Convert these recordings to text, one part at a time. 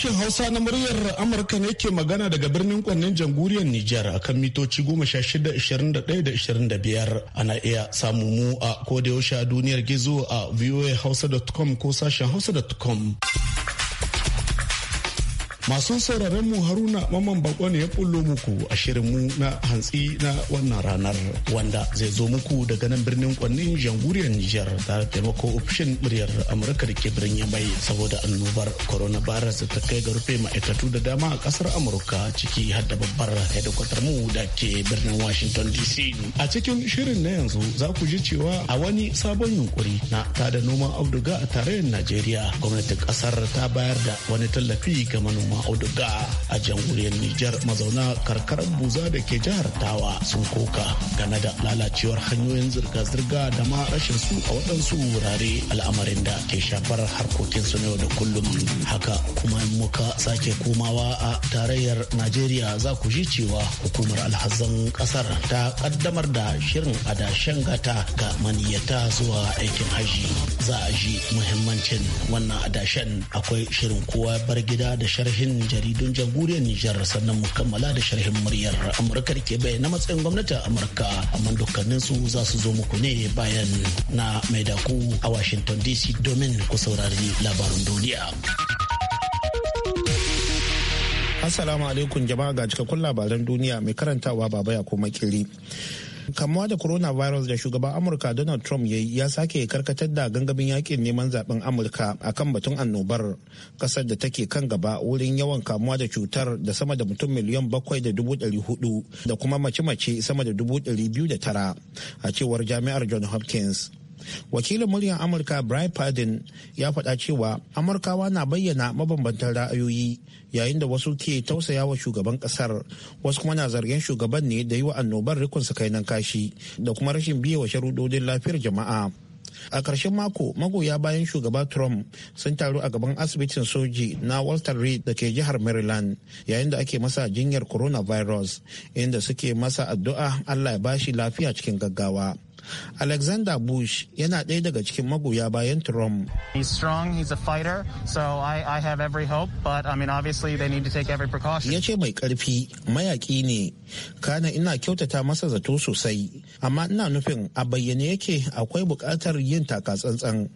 Sashen Hausa na muryar Amurka ne ke magana daga birnin kwannin jamhuriyar Nijar akan mitoci 16 25 ana iya samu mu a kodayaushe a duniyar gizo a voahausa.com ko sashen hausa.com. Masu sauraron mu Haruna Mamman Bako ne ya bullo muku a shirinmu na hantsi na wannan ranar wanda zai zo muku daga nan birnin kwannin jamhuriyar Nijar da taimako ofishin muryar Amurka da ke birnin mai saboda annobar coronavirus ta kai ga rufe ma'aikatu da dama a kasar Amurka ciki har da babbar hedikwatar mu da ke birnin Washington DC. A cikin shirin na yanzu za ku ji cewa a wani sabon yunkuri na tada noman auduga a tarayyar Najeriya gwamnatin kasar ta bayar da wani tallafi ga manoma manoma a jamhuriyar Nijar mazauna karkarar buza da ke jihar Tawa sun koka game da lalacewar hanyoyin zirga-zirga da ma rashin su a waɗansu wurare al'amarin da ke shafar harkokin su yau da kullum haka kuma in muka sake komawa a tarayyar Najeriya za ku ji cewa hukumar alhazan ƙasar ta kaddamar da shirin adashen gata ga maniyyata zuwa aikin haji za a ji muhimmancin wannan adashen akwai shirin kowa bar gida da sharhi sharhin jaridun jamhuriyar Nijar sannan mu kammala da sharhin muryar Amurka da ke na matsayin gwamnatin Amurka amma dukkanin su za su zo muku ne bayan na mai daku a Washington DC domin ku saurari labarin duniya. Assalamu alaikum jama'a ga cikakkun labaran duniya mai karantawa baba ya kuma kiri. kamuwa da coronavirus da shugaban amurka donald trump ya ya sake karkatar da gangamin yakin neman zaben amurka akan batun annobar kasar da take kan gaba wurin yawan kamuwa da cutar da sama da mutum miliyan bakwai da dubu ɗari hudu da kuma mace-mace sama da dubu ɗari biyu da tara a cewar jami'ar john hopkins wakilin muryar amurka brian padden ya faɗa cewa amurkawa na bayyana mabambantan ra'ayoyi yayin da wasu ke tausaya wa shugaban kasar wasu kuma na zargin shugaban ne da yi wa annobar rikon nan kashi da kuma rashin biye wa sharudodin lafiyar jama'a a ƙarshen mako magoya bayan shugaba trump sun taru a gaban asibitin soji na walter reed da ke jihar maryland yayin da ake masa jinyar coronavirus inda suke masa addu'a allah ya bashi lafiya cikin gaggawa Alexander Bush yana ɗaya daga cikin magoya bayan Trump. He's strong, he's a fighter, so I, I have every hope, but I mean obviously they need to take every precaution. Ya ce mai ƙarfi, mayaƙi ne, kana ina kyautata masa zato sosai, amma ina nufin a bayyane yake akwai buƙatar yin takatsantsan.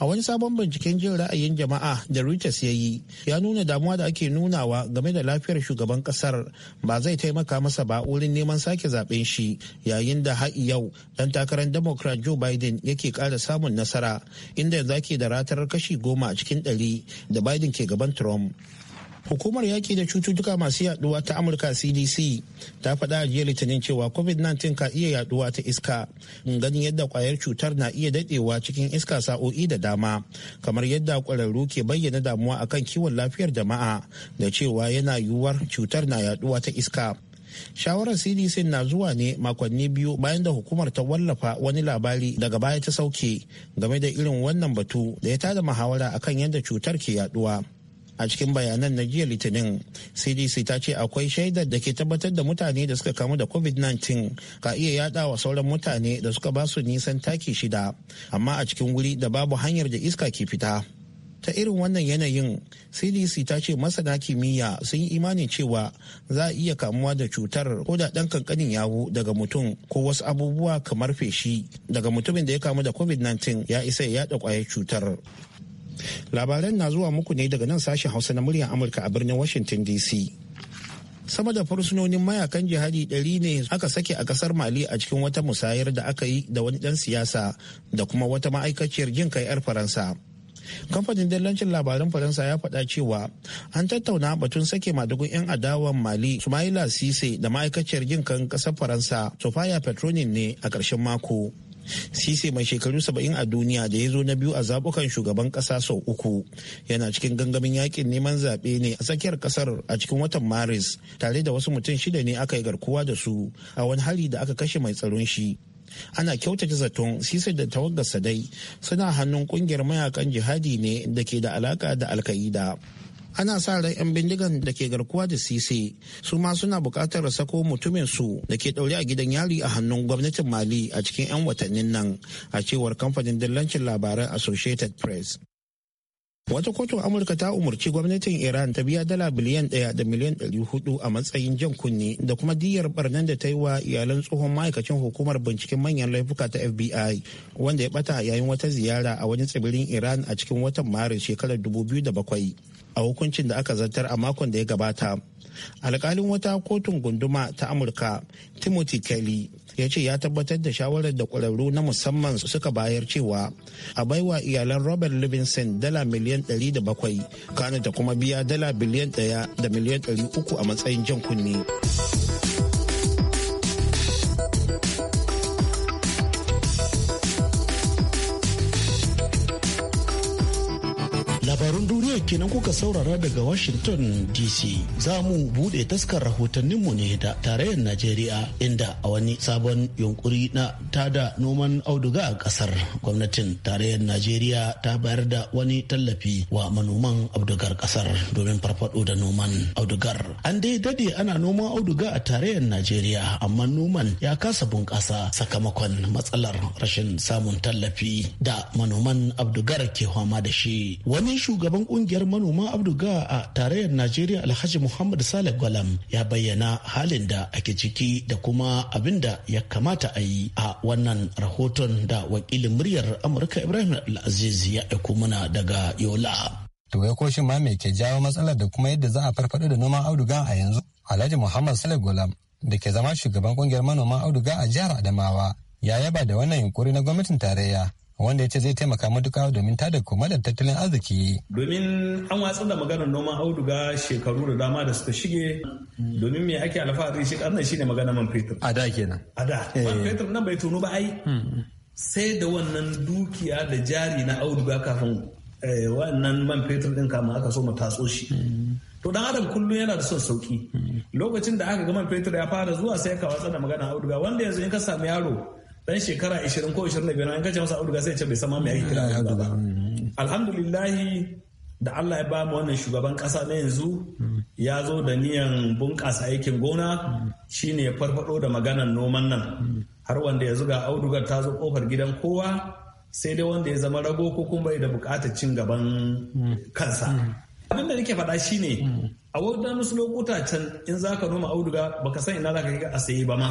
a wani sabon binciken jin ra'ayin jama'a da reuters ya yi ya nuna damuwa da ake nunawa game da lafiyar shugaban kasar ba zai taimaka masa ba wurin neman sake zaben shi yayin da har yau dan takarar democrat joe biden yake kara samun nasara inda yanzu ake da ratar kashi goma a cikin ɗari da biden ke gaban trump hukumar yaƙi da cututtuka masu yaduwa ta amurka cdc ta faɗa a jiya litinin cewa covid-19 ka iya yaduwa ta iska ganin yadda kwayar cutar na iya daɗewa cikin iska sa'o'i da dama kamar yadda kwararru ke bayyana damuwa akan kiwon lafiyar jama'a da cewa yana yiwuwar cutar na yaduwa ta iska shawarar cdc na zuwa ne makonni biyu bayan da hukumar ta wallafa wani labari daga baya ta sauke game da irin wannan batu da ya tada muhawara akan yadda cutar ke yaduwa a cikin bayanan na jiya litinin cdc ta ce akwai shaidar da ke tabbatar da mutane da suka kamu da covid-19 ka iya yada wa sauran mutane da suka ba su nisan taki shida amma a cikin wuri da babu hanyar da iska ke fita ta irin wannan yanayin cdc ta ce masana kimiyya sun yi imanin cewa za a iya kamuwa da cutar ko da ɗan kankanin yawo daga mutum ko wasu abubuwa kamar feshi daga mutumin da ya kamu da covid-19 ya isa ya yaɗa kwayar cutar Labaran na zuwa muku ne daga nan sashen Hausa na muryar Amurka a birnin Washington DC. Sama da fursunonin mayakan jihadi ɗari ne aka sake a ƙasar Mali a cikin wata musayar da aka yi da wani ɗan siyasa da kuma wata ma'aikaciyar jin kai 'yar Faransa. Kamfanin dillancin labaran Faransa ya faɗa cewa an tattauna batun sake madugun 'yan adawan Mali Sumaila Sise da ma'aikaciyar jin kan ƙasar Faransa Sofia Petronin ne a ƙarshen mako. sise mai shekaru 70 a duniya da ya zo na biyu a zabukan shugaban kasa sau uku yana cikin gangamin yakin neman zaɓe ne a tsakiyar kasar a cikin watan maris tare da wasu mutum shida ne aka yi garkuwa da su a wani hari da aka kashe mai tsaron shi ana kyautata zaton sise da tawaggarsa dai suna hannun kungiyar mayakan jihadi ne da ke da alaka da alka'ida ana sa ran 'yan bindigan da ke garkuwa da sise su ma suna bukatar sako mutumin su da ke ɗaure a gidan yari a hannun gwamnatin mali a cikin 'yan watannin nan a cewar kamfanin dillancin labaran associated press wata kotun amurka ta umarci gwamnatin iran ta biya dala biliyan ɗaya da miliyan ɗari hudu a matsayin jan kunne da kuma diyar barnan da ta yi wa iyalan tsohon ma'aikacin hukumar binciken manyan laifuka ta fbi wanda ya bata yayin wata ziyara a wani tsibirin iran a cikin watan maris shekarar dubu biyu da bakwai. a hukuncin da aka zartar a makon da ya gabata alkalin wata kotun gunduma ta amurka timothy kelly ya ce ya tabbatar da shawarar da ƙwararru na musamman suka bayar cewa a baiwa iyalan robert livingston dala miliyan 700 kana da kuma biya dala biliyan 1 da miliyan 300 a matsayin jan kunne. kenan kuka saurara daga Washington DC. Za mu buɗe taskar rahotanninmu ne da tarayyar Najeriya inda a wani sabon yunkuri na tada noman auduga a ƙasar gwamnatin tarayyar Najeriya ta bayar da wani tallafi wa manoman audugar ƙasar domin farfado da noman audugar. An dai dade ana noman auduga a tarayyar Najeriya amma noman ya kasa bunƙasa sakamakon matsalar rashin samun tallafi da manoman audugar ke fama da shi. Wani shugaban ƙungiyar kungiyar manoma abduga a tarayyar najeriya alhaji muhammad saleh gwalam ya bayyana halin da ake ciki da kuma abin da ya kamata a yi a wannan rahoton da wakilin muryar amurka ibrahim al'aziz ya aiko mana daga yola to ya ko ma mai ke jawo matsalar da kuma yadda za a farfado da noman auduga a yanzu alhaji muhammad saleh gwalam da ke zama shugaban kungiyar manoman auduga a jihar adamawa ya yaba da wannan yunkuri na gwamnatin tarayya wanda ya ce zai taimaka matuƙa domin tada da tattalin arziki. Domin an watsar da maganar noman auduga shekaru da dama da suka shige domin me ake alfahari shi karnar shi ne maganar man fetur. A da kenan. A da. Eh. Man fetur nan bai tunu ba ai. Hmm. Sai da wannan dukiya da jari na auduga kafin eh, wannan man fetur din kama aka so mu tatso shi. Hmm. To dan adam kullum yana da son sauki. Hmm. Lokacin da aka ga man fetur ya fara zuwa sai ka watsar da maganar auduga wanda yanzu in ka samu yaro dan shekara 20 ko 25 an kace masa auduga sai ce bai san ma me ake kira ba alhamdulillah da Allah ya ba mu wannan shugaban kasa na yanzu ya zo da niyan bunƙasa aikin gona shine ya farfado da maganar noman nan har wanda ya zuga audugar ta zo kofar gidan kowa sai dai wanda ya zama rago ko kuma bai da bukatar cin gaban kansa abin da nake faɗa shine a wadda musu lokuta can in zaka noma auduga baka san ina zaka ka a sayi ba ma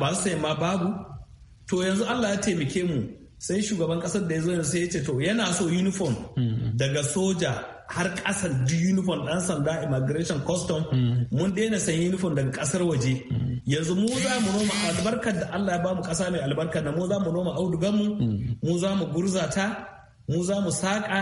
Ba su sai ma babu to yanzu Allah ya taimake mu sai shugaban kasar da ya zo sai ya ce to yana so uniform daga soja har kasar duk uniform dan sanda immigration custom mun daina san uniform daga kasar waje yanzu mu za mu noma albarkar da Allah ya bamu kasa mai albarkar da mu za mu noma audugan mu mu za mu gurzata mu za mu saƙa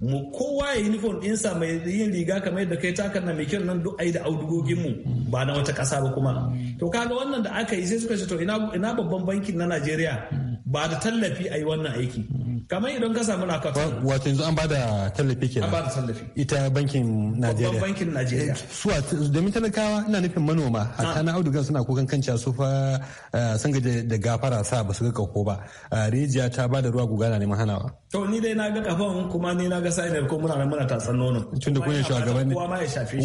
mu kowa ya uniform ɗinsa mai yin riga kamar yadda kai takar na mai kyau nan duk ai da audugogin mu ba na wata ƙasa ba kuma to kaga wannan da aka yi sai suka ce to ina babban bankin na Najeriya ba da tallafi a yi wannan aiki kamar idan ka samu naka wato yanzu an ba da tallafi ke an ba da tallafi ita bankin najeriya babban bankin najeriya eh, Suwa domin talakawa ina nufin manoma hatta ah. na audugan suna kokan kanciya su fa eh, sun gaje da gafara sa ba su ga kako ba eh, rijiya ta ba da ruwa guga na neman hanawa to ni dai na ga kafan kuma ni na ga sa'inar ko muna nan muna tatsan nono tun da kunya shugaban ne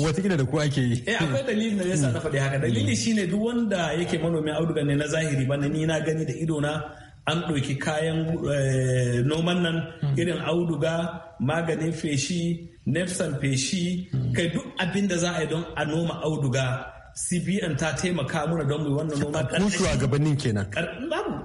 watakila da ku ake yi eh akwai dalilin da yasa na faɗi haka dalili hmm. shine duk wanda yake manomin audugan ne na zahiri ba ni na gani da ido na an ɗauki kayan eh, noman nan hmm. irin auduga maganin feshi nefsan feshi hmm. kai duk abin da za a yi don a noma auduga cbn ta taimaka muna don mu wannan noma a gabanin kenan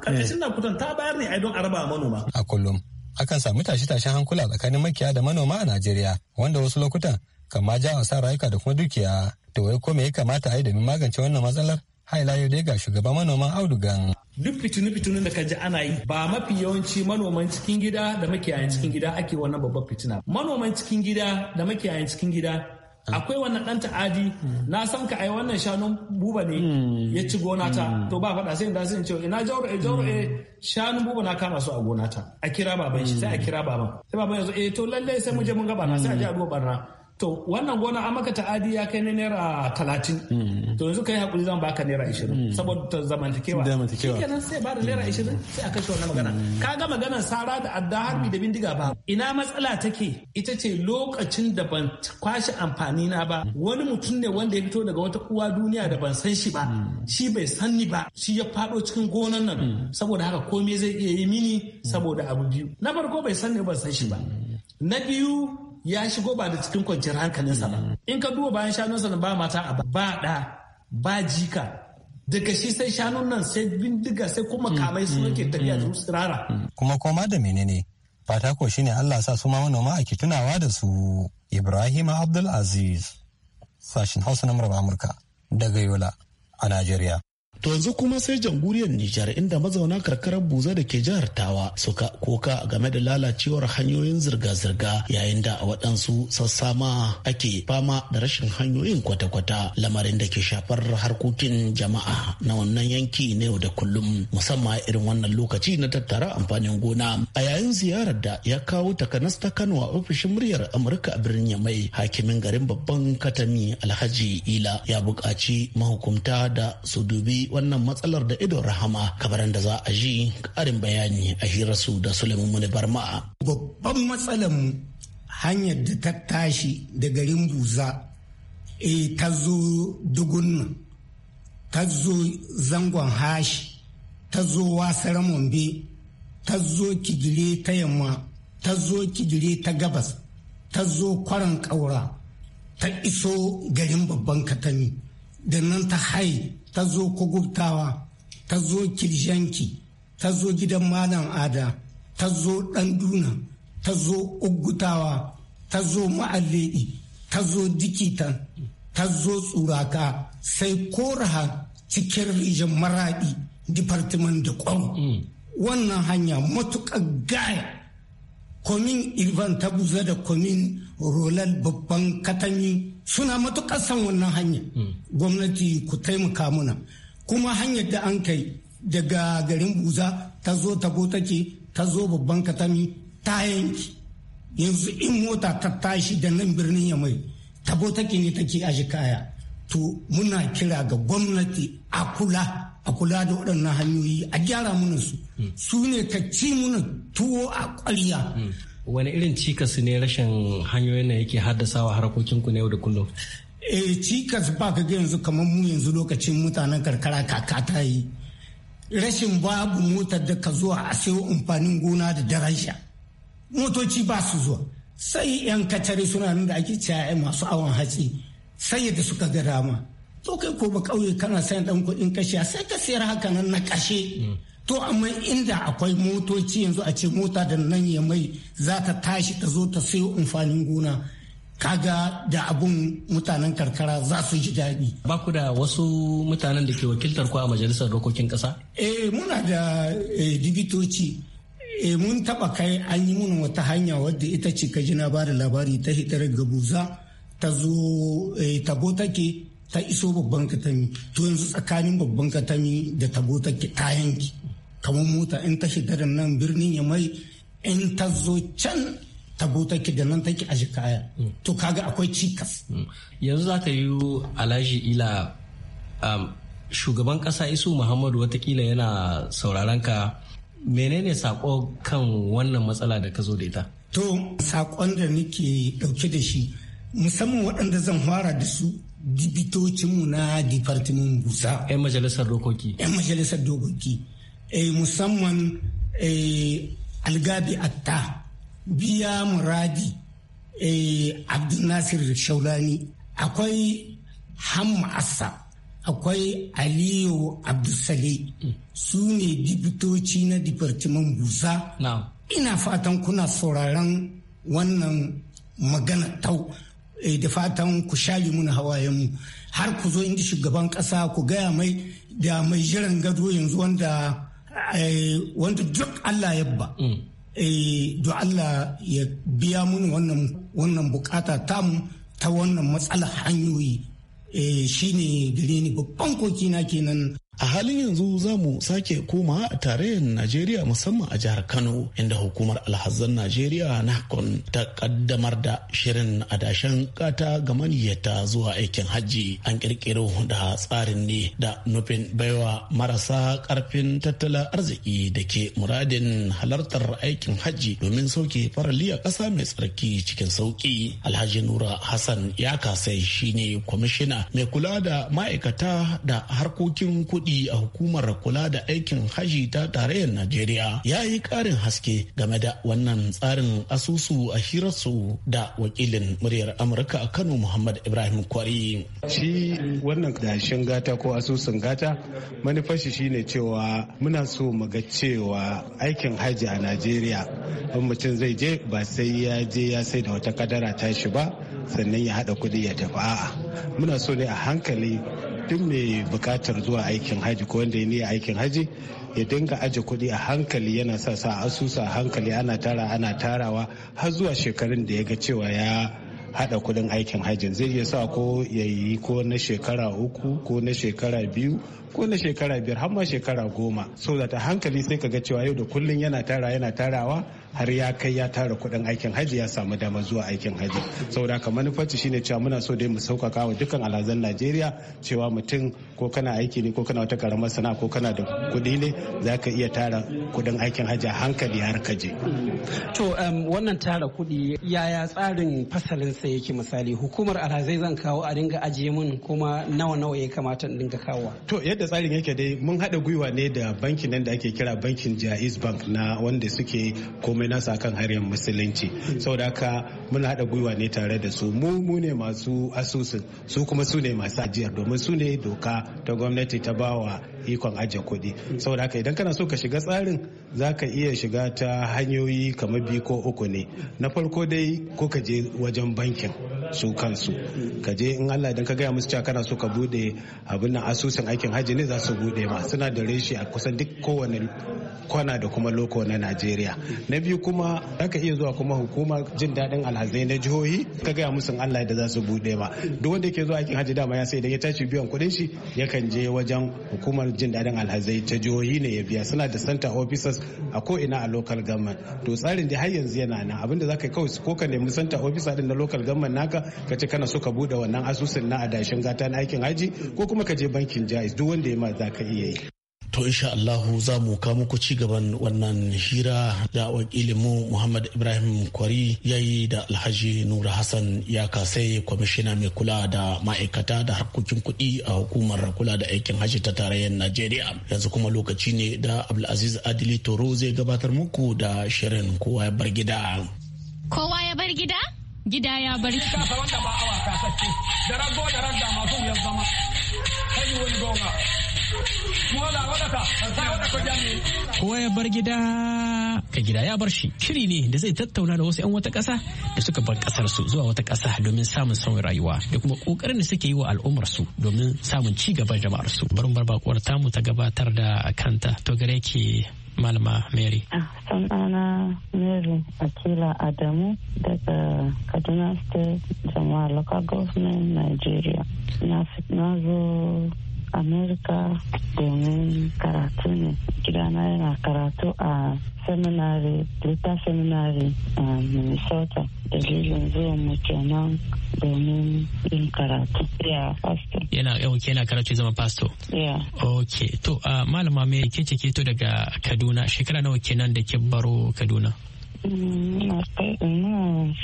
karkashin na kutan ta bayar ne yi don a raba manoma a kullum akan sami tashe-tashen hankula tsakanin makiya da manoma a najeriya wanda wasu lokutan kan ma a sa rayuka da kuma dukiya to wai ko me ya kamata a yi domin magance wannan matsalar haila dai ga shugaban manoman audugan duk fitinu-fitinu da kaji ana yi ba mafi yawanci manoman cikin gida da makiyayan cikin gida ake wannan babban fitina manoman cikin gida da makiyayan cikin gida akwai wannan dan ta'adi na san ka ai wannan shanun buba ne ya ci gonata to ba faɗa sai da sai ce ina jauro eh jauro eh shanun buba na kama su a gonata a kira baban shi sai a kira baban sai baban ya zo eh to lalle sai mu je mun ga na sai a je a duba barna to wannan gona an maka ta'adi ya kai na naira talatin mm. to yanzu kai hakuri zan baka naira ishirin mm. saboda zamantakewa shi kenan sai ba da naira ishirin mm. sai a kashe wannan magana ka ga maganar sara da adda harbi da bindiga ba ina matsala take ita ce lokacin da ban kwashe amfani na ba wani mutum ne wanda ya fito daga wata uwa duniya da ban san shi ba shi bai san ni ba shi ya faɗo cikin gonan nan saboda haka komai zai iya yi mini saboda abu biyu na farko bai san ni ban san shi ba na biyu ya shigo ba da cikin kwanciyar hankalinsa ba in ka duba bayan shanunsa ba mata a ba ɗa ba jika daga shi sai shanun nan sai bindiga sai kuma mm, kamai su mm, yake tafiya da mm. rara. kuma koma da menene fata ko shine Allah sa su ma manoma ake tunawa da su Ibrahim Abdul Aziz sashin Hausa na Amurka daga Yola a Najeriya To yanzu kuma sai jamhuriyar Nijar inda mazauna karkarar Buza da ke jihar Tawa suka koka game da lalacewar hanyoyin zirga-zirga yayin da a waɗansu sassa ma ake fama da rashin hanyoyin kwata-kwata lamarin da ke shafar harkokin jama'a na wannan yanki na yau da kullum musamman irin wannan lokaci na tattara amfanin gona. A yayin ziyarar da ya kawo takanas ta Kano a ofishin muryar Amurka a birnin Yamai hakimin garin babban Katami Alhaji Ila ya buƙaci mahukumta da su dubi wannan matsalar da idon rahama kamar da za a ji karin bayani a hirarsu da Suleiman Muni Barma. Babban matsalar mu hanyar da ta tashi da garin Buza e ta zo dugun ta zo zangon hashi ta zo ramon mombe ta zo kigire ta yamma ta zo kigire ta gabas ta zo kwaran ƙaura ta iso garin babban katami da nan ta haye ta zo kogubtawa ta zo kirjanki ta zo gidan malam ada ta zo ɗanduna ta zo uggutawa ta zo ma'alledi ta zo dikitan ta zo tsuraka sai koraha cikin rijin maraɗi department da ƙwan mm. wannan hanya matuƙar gaya komin irvan ta buza da komin rolal babban katami suna matuƙar san wannan hanya. Hmm. gwamnati ku taimaka muna kuma hanyar da an kai daga garin buza ta zo ta take ta zo babban katami ta yanki yanzu in mota ta tashi da nan birnin yamai ta take ne take aji kaya to muna kira ga gwamnati a kula a kula da waɗannan hanyoyi a gyara muna su hmm. su ne ka ci muna tuwo a ƙwarya hmm. wani irin cikas ne rashin hanyoyin da yake haddasawa harkokin ku na yau da kullum eh cikas ba ka ga yanzu kamar mu yanzu lokacin mutanen karkara kaka ta yi rashin babu motar da ka zuwa a sayo amfanin gona da daraja motoci ba su zuwa sai yan kacare suna nan da ake cewa masu awon hatsi sai da suka ga dama to kai ko ba kauye kana sayan dan kuɗin kashiya sai ka sayar haka nan na kashe mm. to amma inda akwai motoci yanzu a ce mota da nan ya mai za ta tashi ta zo ta sayo amfanin gona kaga da abun mutanen karkara za su ji daɗi. Ba ku da wasu mutanen da ke wakiltar ku a majalisar dokokin ƙasa? Eh muna da eh, dibitoci. Eh mun taɓa kai an yi mun wata hanya wadda ita ce ka ji na ba labari ta hitar gabuza ta zo eh, tabo take ta iso babban katami to yanzu tsakanin babban katami da tabo take ta yanki. kamar mota in ta shiga da nan birnin ya mai in ta zo can ta ki da nan take a kaya mm. to kaga akwai cikas mm. yanzu za ka yi alashi ila um, shugaban kasa isu muhammadu watakila yana sauraron ka menene sako kan wannan matsala da ka zo da ita to sakon da nake dauke da shi musamman waɗanda zan fara da su dibitocinmu na departimin busa 'yan majalisar dokoki 'yan majalisar dokoki Eh, musamman eh, algabi atta biya muradi eh, abdulnasir shaulani akwai hamma assa akwai aliyu abdulsale su ne dibitoci na departimen busa ina fatan kuna sauraron wannan magana tau da fatan ku share muna hawayenmu har ku zo inda shugaban kasa ku gaya mai da mai jiran gado yanzu wanda Eh, wanda duk Allah ya ba mm. eh, do Allah ya biya mun wannan buƙata bukata tamu ta wannan matsala hanyoyi eh, shine gare ni babban kokina kenan a halin yanzu za mu sake koma a tarayyar najeriya musamman a jihar kano inda hukumar alhazan najeriya na ta kaddamar da shirin adashen kata ga maniyyata zuwa aikin hajji an kirkiro da tsarin ne da nufin baiwa marasa karfin tattala arziki da ke muradin halartar aikin hajji domin sauke faraliya ƙasa mai tsarki cikin sauki alhaji nura hassan ya kasai shine kwamishina mai kula da ma'aikata da harkokin kuɗi kuɗi a hukumar kula da aikin haji ta tarayyar Najeriya ya yi ƙarin haske game da wannan tsarin asusu a hirarsu da wakilin muryar Amurka a Kano Muhammad Ibrahim Kwari. Shi wannan dashin gata ko asusun gata manufashi ne cewa muna so mu ga cewa aikin haji a Najeriya in mutum zai je ba sai ya je ya sai da wata kadara ta shi ba sannan ya haɗa kuɗi ya tafi a'a muna so ne a hankali duk mai bukatar zuwa aikin haji ko wanda ya niyya aikin haji ya dinga aje kuɗi a hankali yana sa sa asusa a hankali ana tara ana tarawa har zuwa shekarun da ya ga cewa ya hada kuɗin aikin hajjin zai iya sa ko ya yi ko na shekara uku ko na shekara biyu ko na shekara biyar har ma shekara goma so da ta hankali sai ka ga cewa yau da kullun yana tara yana tarawa har ya kai ya tara kuɗin aikin hajji ya samu damar zuwa aikin hajji saboda haka manufarci shine cewa muna so dai mu sauƙaƙa wa dukkan alhazan najeriya cewa mutum ko kana aiki ne ko kana wata karamar sana'a ko kana da kuɗi ne za ka iya tara kuɗin aikin hajji a hankali har ka je. to um, wannan tara kuɗi yaya tsarin fasalin sa yake misali hukumar alhazai zan kawo a dinga ajiye mun kuma nawa nawa ya kamata in dinga kawo. to yadda tsarin yake dai mun haɗa gwiwa ne da bankin nan da ake kira bankin jaiz bank na wanda suke ko komai nasa kan harin musulunci saboda haka muna haɗa gwiwa ne tare da su mu mu ne masu asusun su kuma su ne masu ajiyar domin su ne doka ta gwamnati ta bawa ikon ajiye kuɗi saboda haka idan kana so ka shiga tsarin za ka iya shiga ta hanyoyi kamar biyu ko uku ne na farko dai ko ka je wajen bankin su kansu ka je in Allah idan ka gaya musu cewa kana so ka bude abin nan asusun aikin hajji ne za su bude ma suna da reshi a kusan duk kowane kwana da kuma loko na Najeriya na biyu kuma aka iya zuwa kuma hukumar jin daɗin alhazai na jihohi ka gaya musu Allah da za su buɗe ma duk wanda yake zuwa aikin hajji dama ya sai da ya tashi biyan kuɗin shi yakan je wajen hukumar jin daɗin alhazai ta jihohi ne ya biya suna da center officers a ko ina a local government to tsarin da har yanzu yana nan abinda za ka kawai ko ka nemi center officer din na local government naka ka ce kana so ka buɗe wannan asusun na adashin gata na aikin hajji ko kuma ka je bankin Jaiz duk wanda ya ma za ka iya yi To insha Allah za mu kawo muku ci gaban wannan hira da wakilinmu Muhammad Ibrahim Kwari yayi da Alhaji Nura Hassan ya kasai kwamishina mai kula da ma'aikata da harkokin kuɗi a hukumar kula da aikin hajji ta tarayyar Najeriya. Yanzu kuma lokaci ne da Abdulaziz Adili Toro zai gabatar muku da shirin kowa ya bar gida. Kowa ya bar gida? Gida ya bar gida. Kowa ya bar gida ka gida ya bar shi shiri ne da zai tattauna da wasu 'yan wata ƙasa da suka bar ƙasar su zuwa wata ƙasa domin samun sauyin rayuwa da kuma ƙoƙarin da suke yi wa al'ummar su domin samun ci gaban jama'ar su. Barin bar bakuwar tamu ta gabatar da kanta to gare ke malama mary ah, sanana mary akila adamu daga kaduna state jama'a local government nigeria na zo amerika domin karatu ne gidana yana karatu uh, a seminary lita seminary a um, minnesota dalilin zuwan mu kenan domin yin karatu ya pastor yana eh, ok yana karatu zama pastor ya ok to uh, malama me ke ce to daga kaduna shekara nawa kenan da ke baro kaduna mm, na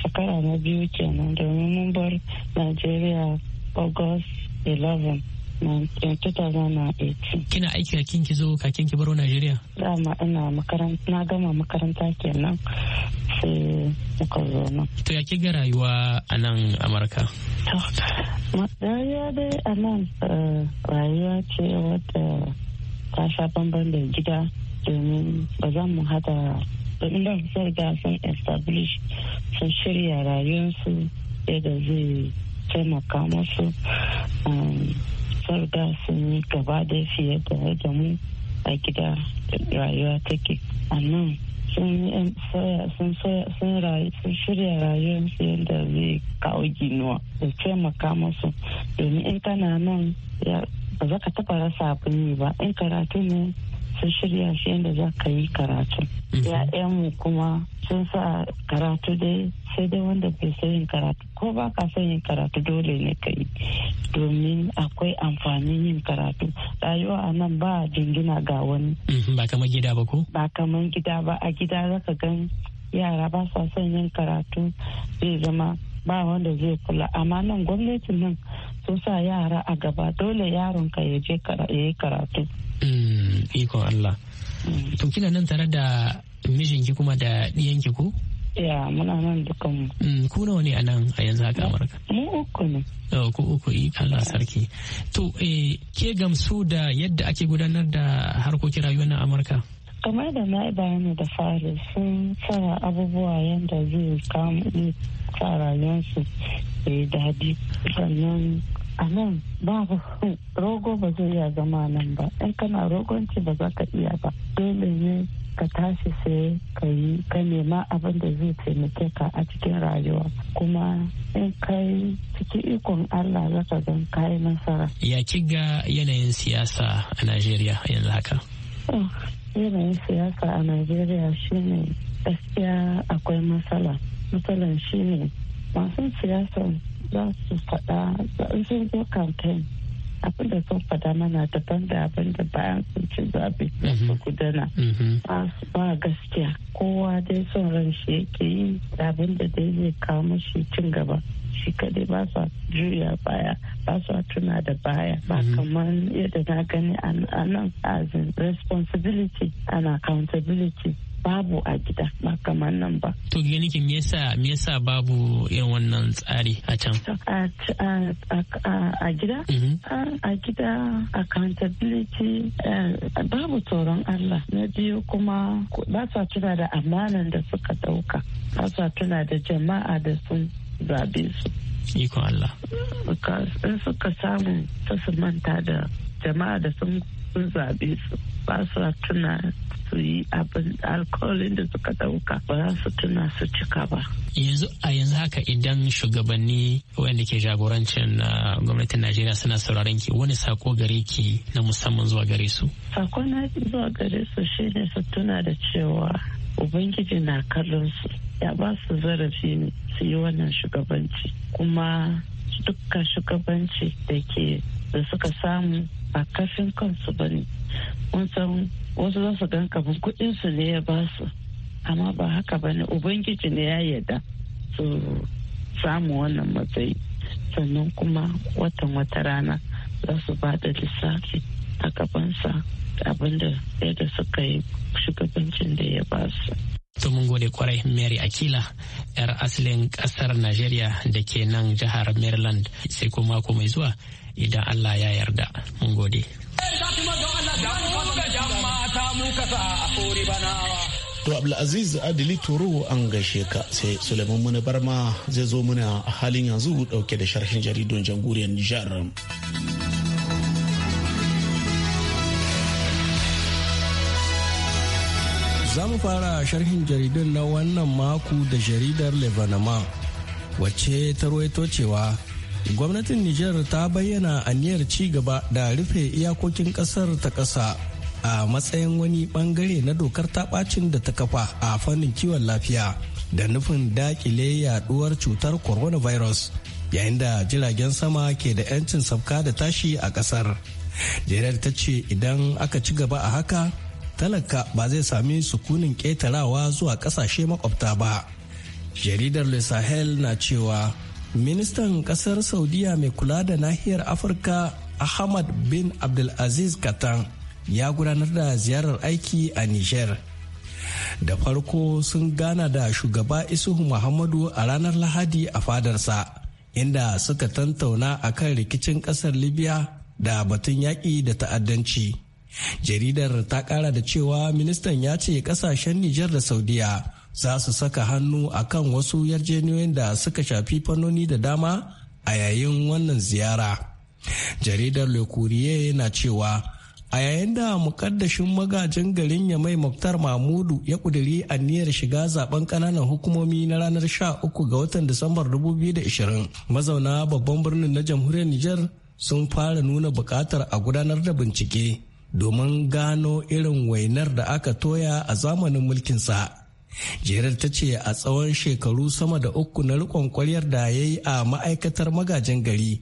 shekara na biyu kenan domin mun bar nigeria august 11 2018. Eh, Kina aiki a kinki zo kakin ki baro Najeriya? Dama ina makaranta na gama makaranta kenan sai muka zo nan. To ya ga rayuwa a nan Amurka? To rayuwa dai a nan eh, rayuwa ce wata ta sha da gida domin ba za mu hada inda su riga sun establish sun shirya rayuwarsu yadda zai taimaka musu um, kasar da sun yi gaba da fiye da yadda mu a gida rayuwa take a nan sun soya shirya rayuwarsu yadda zai kawo ginuwa da taimaka musu domin in kana nan ba za ka taba rasa abin yi ba in karatu ne sun shirya shi yadda za ka yi karatu mhm. mu kuma sun sa karatu dai sai dai wanda bai so yin karatu ko ba ka son yin karatu dole ne ka yi domin akwai amfanin yin karatu rayuwa a nan ba jingina ga wani mhm, ba kamar gida ba ko ba kamar gida ba a gida zaka gan yara ba sa son yin karatu zai zama ba wanda zai kula amma nan gwamnatin nan sun sa yara a gaba dole yaron ka ya je yi karatu mm, ikon Allah mm. to kina nan tare da mijinki kuma da ɗiyanki ko ya muna nan dukkan mu. Mm, ku nawa ne a nan a yanzu haka amurka mu uku ne ku uku i allah sarki to eh, ke gamsu da yadda ake gudanar da harkokin rayuwar nan amurka kamar da na bayani da fari sun tsara abubuwa yadda zai kamu sa rayuwarsu ya yi daɗi sannan a nan babu rogo ba zai iya zama nan ba in kana rogonci ba za ka iya ba dole ne ka tashi sai ka yi ka nema abin da zai taimake ka a cikin rayuwa kuma in kai cikin ikon allah za ka gan kayi nasara ya ga yanayin siyasa a najeriya yanzu haka oh, yanayin siyasa a najeriya shine gaskiya akwai matsala matsalan shine masu siyasa za su fada in sun zo campaign abin da sun fada mana daban da abin da bayan sun ci zaɓe su gudana ba gaskiya kowa dai son ran shi yake yi da abin da dai zai kawo mashi cin gaba shi kadai ba sa juya baya ba sa tuna da baya ba mhm. kamar yadda na gani a nan azin responsibility and accountability babu a gida ba kamar nan ba. To gani ke me yasa babu irin wannan tsari a can? A gida? Mhm. A gida accountability eh, babu tsoron Allah. Na biyu kuma ba sa tuna da amanan da suka dauka. Ba sa tuna da jama'a da sun zabe su iko Allah in suka samu ta su manta da jama'a da sun zabe su ba su tuna su yi abin da suka dauka ba za su tuna su cika ba. Yanzu a yanzu haka idan shugabanni wanda ke jagorancin uh, gwamnatin Najeriya suna sauraron ki wani sako gare ki na musamman zuwa gare su? Sako na zuwa gare su shine su tuna da cewa ubangiji na karinsu ya ba su zarafi su yi wannan shugabanci kuma dukkan shugabanci da ke da suka samu a kafin kansu ba ne san wasu za su gan kabin kudinsu ne ya ba su amma ba haka ba ne ubangiji ne ya yarda su samu wannan matsayi sannan kuma watan wata rana za su ba da lissafi a gabansa abinda yadda suka yi shugabancin da ya ba su. To mun gode kwarai Mary Akila, 'yar asalin ƙasar Najeriya da ke nan jihar Maryland sai kuma mako mai zuwa idan Allah ya yarda. Mun gode. To Abdulaziz Adili Toro an gaishe ka sai Suleiman muna Barma zai zo muna halin yanzu dauke da sharhin jaridun jamhuriyar Nijar. Za mu fara sharhin jaridun na wannan mako da jaridar Lebanama, wacce ta ruwaito cewa gwamnatin Nijar ta bayyana aniyar ci gaba da rufe iyakokin ƙasar ta ƙasa a matsayin wani bangare na dokar taɓacin da ta kafa a fannin kiwon lafiya da nufin daƙile yaduwar cutar coronavirus yayin da jiragen sama ke da 'yancin sabka da tashi a ƙasar. jirar ta ce idan aka ci gaba a haka talaka ba zai sami sukunin ƙetarawa zuwa ƙasashe makwabta ba jaridar le sahel na cewa ministan ƙasar saudiya mai kula da nahiyar afirka ahmad bin abdulaziz katan ya gudanar da ziyarar aiki a niger da farko sun gana da shugaba isuhu muhammadu a ranar lahadi a fadarsa inda suka tantauna akan rikicin kasar libya da batun yaƙi da ta'addanci jaridar ta kara da cewa ministan ya ce kasashen nijar da saudiya za su saka hannu a kan wasu yarjejeniyoyin da suka shafi fannoni da dama a yayin wannan ziyara jaridar le na cewa a yayin da mukaddashin magajin garin ya mai muktar mahmudu ya kuduri aniyar shiga zaben kananan hukumomi na ranar 13 ga watan disambar 2020 mazauna babban birnin na jamhuriyar niger sun fara nuna bukatar a gudanar da bincike domin gano irin wainar da aka toya a zamanin mulkinsa. jerar ta ce a tsawon shekaru sama da uku na rikon kwaryar da ya yi a ma'aikatar magajin gari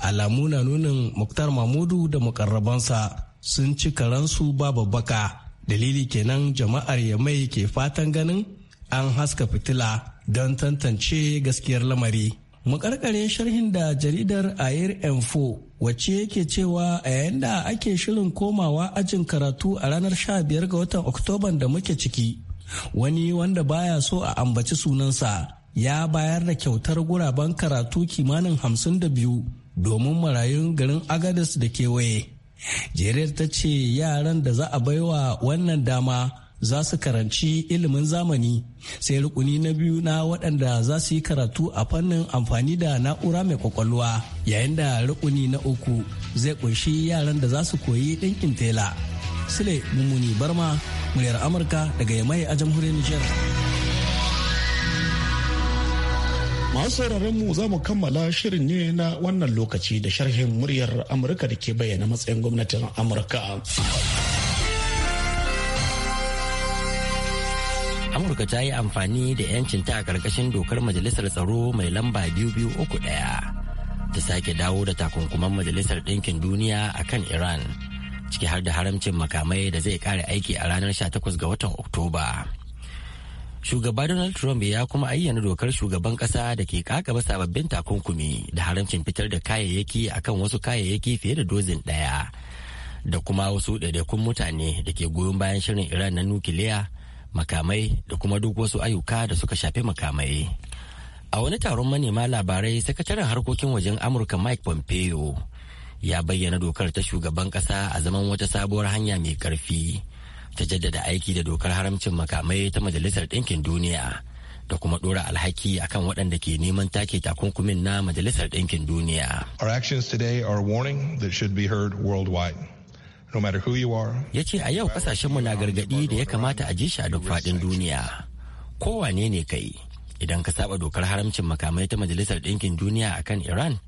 alamu na nunin muktar mamudu da mukarrabansa sun ci karansu ba babbaka dalili kenan jama'ar ya mai ke fatan ganin an haska fitila don tantance gaskiyar lamari Mukarkare sharhin da jaridar Air Info wacce yake cewa a yayin da ake shirin komawa ajin karatu a ranar 15 ga watan Oktoban da muke ciki, wani wanda baya so a ambaci sunansa ya bayar da kyautar guraben karatu kimanin 52 domin marayun garin Agadis da kewaye. jerar ta ce yaran da za a baiwa wannan dama za su karanci ilimin zamani sai rukuni na biyu na waɗanda za su yi karatu a fannin amfani da na'ura mai kwakwalwa yayin da rukuni na uku zai kunshi yaran da za su koyi ɗinkin tela sule mummuni barma muryar amurka daga yamai a jamhuriyar nijar masu sauraron mu za mu kammala shirin ne na wannan lokaci da sharhin muryar amurka da ke bayyana matsayin gwamnatin amurka amurka ta yi amfani da yancin ta a ƙarƙashin dokar majalisar tsaro mai lamba 2231 ta sake dawo da takunkuman majalisar ɗinkin duniya a kan iran ciki har da haramcin makamai da zai kare aiki a ranar 18 ga watan oktoba shugaba donald trump ya kuma ayyana dokar shugaban kasa da ke kakaba sababbin takunkumi da haramcin fitar da kayayyaki akan wasu kayayyaki fiye da dozin ɗaya da kuma wasu ɗaiɗaikun mutane da ke goyon bayan shirin iran na nukiliya makamai da kuma duk wasu ayyuka da suka shafi makamai a wani taron manema labarai sakataren harkokin wajen amurka mike pompeo ya bayyana dokar ta shugaban kasa a zaman wata sabuwar hanya mai karfi ta jaddada aiki da dokar haramcin makamai ta majalisar ɗinkin duniya da kuma dora alhaki akan waɗanda ke neman take takunkumin na majalisar ɗinkin duniya. Our actions today are warning that should be heard worldwide. no Ya ce a yau kasashenmu na gargadi da ya kamata a ji shi a duk faɗin duniya. Kowane ne kai idan ka saba dokar haramcin makamai ta Majalisar Ɗinkin Duniya a kan Iran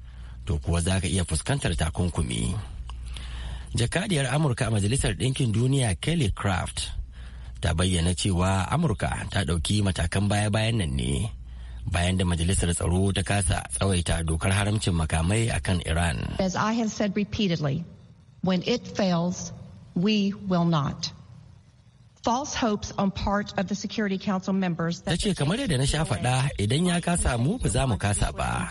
to kuwa za ka iya fuskantar takunkumi. Jakadiyar Amurka a Majalisar Ɗinkin Duniya Kelly Craft ta bayyana cewa Amurka ta ɗauki matakan baya-bayan nan ne bayan da Majalisar Tsaro ta kasa tsawaita dokar haramcin makamai akan Iran. As I have said repeatedly, When it fails, we will not. false hopes on part of the Security Council members. Ta ce kamar yadda na sha faɗa idan ya kasa mu ba za mu kasa ba.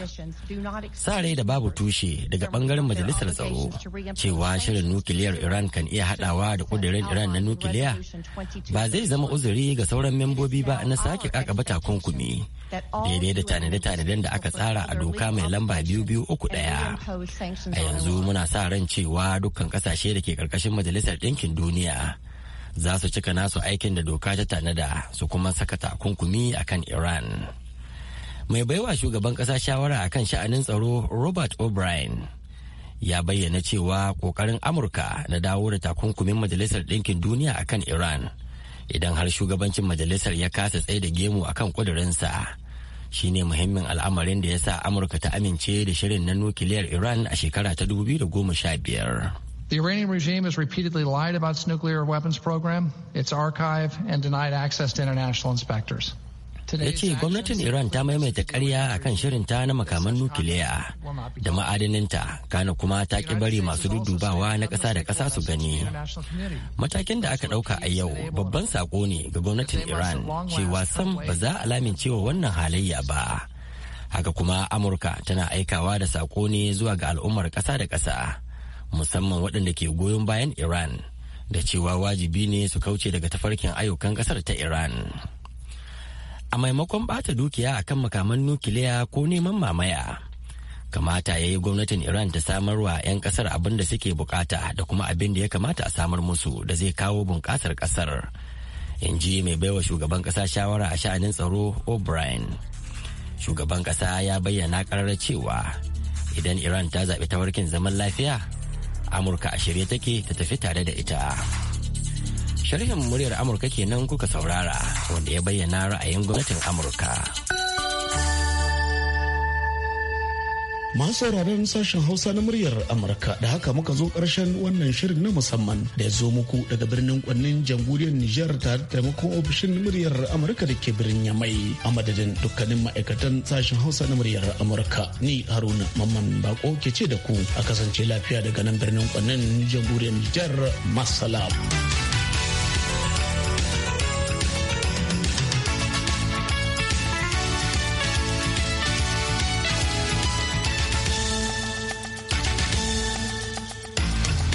Sa rai da babu tushe daga bangaren majalisar tsaro cewa shirin nukiliyar Iran kan iya haɗawa da ƙudurin Iran na nukiliya ba zai zama uzuri ga sauran membobi ba na sake kakaba takunkumi. Daidai da tanade-tanaden da aka tsara a doka mai lamba biyu biyu uku ɗaya. A yanzu muna sa ran cewa dukkan ƙasashe da ke ƙarƙashin majalisar ɗinkin duniya. za su cika nasu aikin da doka ta tanada su kuma saka takunkumi a kan iran mai baiwa shugaban kasa shawara a kan sha'anin tsaro robert o'brien ya bayyana cewa kokarin amurka na dawo da takunkumin majalisar ɗinkin duniya a kan iran idan har shugabancin majalisar ya kasa tsaye da gemu a kan kudurinsa shine muhimmin al'amarin da ya sa amurka ta amince da shirin na nukiliyar iran a shekara ta 2015 The Iranian regime has repeatedly lied about its nuclear weapons program, its archive, and denied access to international inspectors. ya ce gwamnatin iran ta maimaita karya a kan shirinta na makaman nukiliya da ma'adaninta kana kuma ta ƙi bari masu dudubawa na ƙasa da ƙasa su gani matakin da aka ɗauka a yau babban saƙo ne ga gwamnatin iran cewa sam ba za a lamincewa wannan halayya ba haka kuma amurka tana aikawa da saƙo ne zuwa ga al'ummar ƙasa da ƙasa musamman waɗanda ke goyon bayan iran da cewa wajibi ne su kauce daga tafarkin ayyukan ƙasar ta iran a maimakon ɓata dukiya a kan makaman nukiliya ko neman mamaya kamata ya yi gwamnatin iran ta samarwa 'yan ƙasar abin da suke bukata da kuma abin da ya kamata a samar musu da zai kawo bunƙasar ƙasar in ji mai baiwa shugaban ƙasa shawara a sha'anin tsaro o'brien shugaban ƙasa ya bayyana ƙarar cewa idan iran ta zaɓi tawarkin zaman lafiya amurka a shirye take ta tafi tare da ita sharhin muryar amurka kenan kuka saurara wanda ya bayyana ra'ayin gwamnatin amurka Masu sauraron sashen Hausa na muryar Amurka da haka muka zo ƙarshen wannan shirin na musamman da ya zo muku daga birnin kwannin jamhuriyar Nijar ta taimakon ofishin muryar Amurka da ke birnin Yamai a madadin dukkanin ma'aikatan sashen Hausa na muryar Amurka. Ni Haruna Mamman Bako ke ce da ku a kasance lafiya daga nan birnin kwannin jamhuriyar Nijar. Masalam.